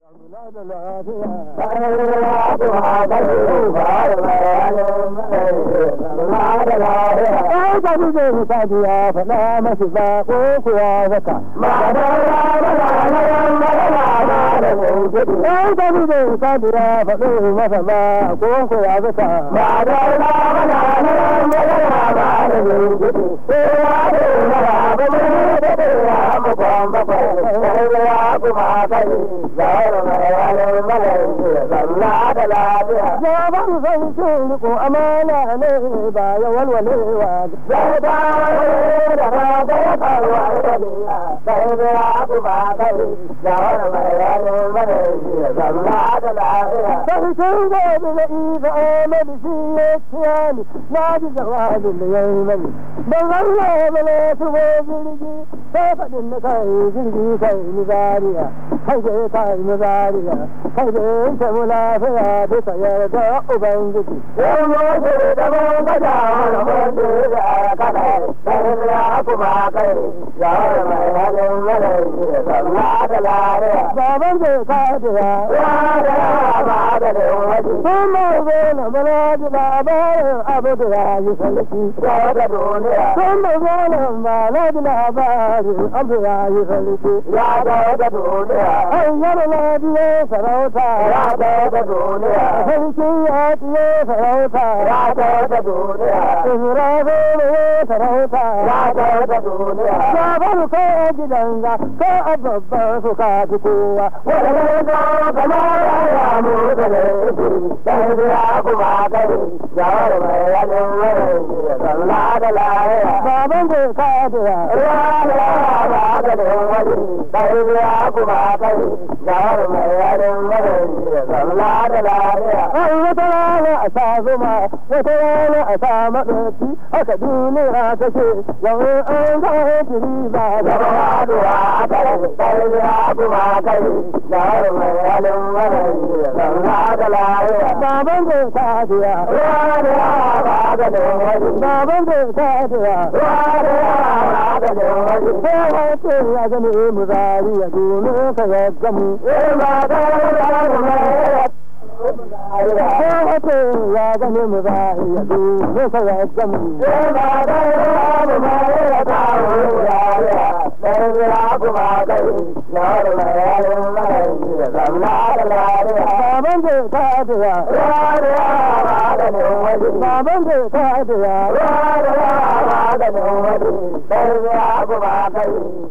Ƙarfafi zai fi sadiya faɗa masu zaƙo kuwa zaka. Ƙarfafi zai fi sadiya faɗo masa zaƙo kuwa zaka. juma'a da yaron da lafiya. Ya ba zan ce riko amana ne ba ya walwalewa. da ba da kai da wani mai ranar mana ya da afiya. Ta fito da wani na ifa amali shi ya ciya ni ta faɗin kaje ta mulafiya bisa yarda ubangiji yan wasu da ban gaja wani wanda ya kada ɗan ya kuma kai ya wani mai halin mana yi da zama zai kada abadalin waje. Sun mai zo na mana ji labarin abu da ya yi sarki. Ya da duniya. Sun mai zo na mana ji labarin abu ya yi sarki. Ya da da duniya. An yana na biyo sarauta. Ya da da duniya. Sarki ya biyo sarauta. Ya da da duniya. Ihra zo sarauta. Ya da da duniya. Allah ka babban su ka fi kowa. Wani ne ka kama ya yamu da ne dan biya kuma kare jawar mai yanin wani salla da lahiya. Baban ko ka dira. Ruwa da lahiya ba ka da wani dan ya kuma kare jawar mai yanin wani salla da lahiya. Ai wata rana a sa zuma wata rana a sa maɗauki haka duniya ta ce yawon an ga hajjiri ba da ba baban zai sadiya baban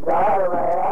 zai ta